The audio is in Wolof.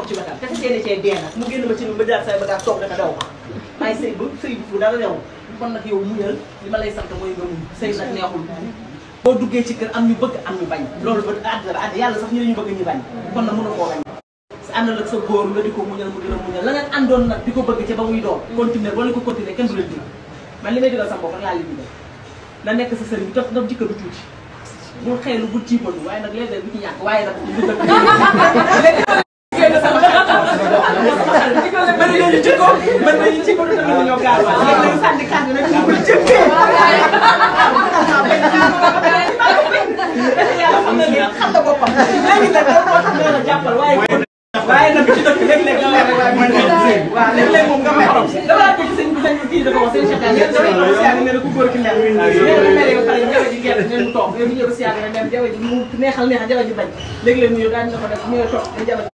toog ci bakkan kese seen cee dee mu génn ma ci lu ba jaar say bagaas toog dafa daw ma maay sëy ba sëy bu dara new kon nag yow muñal li ma lay sant mooy nga muñ sëy nag neexul boo duggee ci kër am ñu bëgg am ñu bañ loolu ba àddina ba àddina yàlla sax ñu ñu bëgg ñu bañ kon nag mën a koo bañ sa àndal ko muñal mu di la muñal la ngeen àndoon nag di ko bëgg ca ba muy doon continuer boo leen ko continuer kenn du leen dig man li may digal sama bopp rek laa li digal na nekk sa sëriñ bi tax daf jikko du tuuti bul xeelu bul ciibalu waaye nag mën nañu ci bëri tamit dañoo gaaw a léegi nag sànni kàddu nag ñu koy jëndee. yàlla xam na ne xam na boppam léegi nag loolu moo tax ñu la jàppal waaye. waaye nag ci dëkk léeg-léeg nga war a waaw léeg-léeg moom nga may xorom dafa laa ko ci sëñ bi sëñ bi kii da ko wax sëñ Cheikh Ndiaye yéen dafay ñëw siyaare ne la ku góor ki mel léegi mere ba pare jawe ji gerte ngeen mu toog yow ñu ñëw siyaare ne dem jawe ji mu neexal neexal jawe ji bañ léegi leen ñu daal ñu ko def ñu toog dañ jawe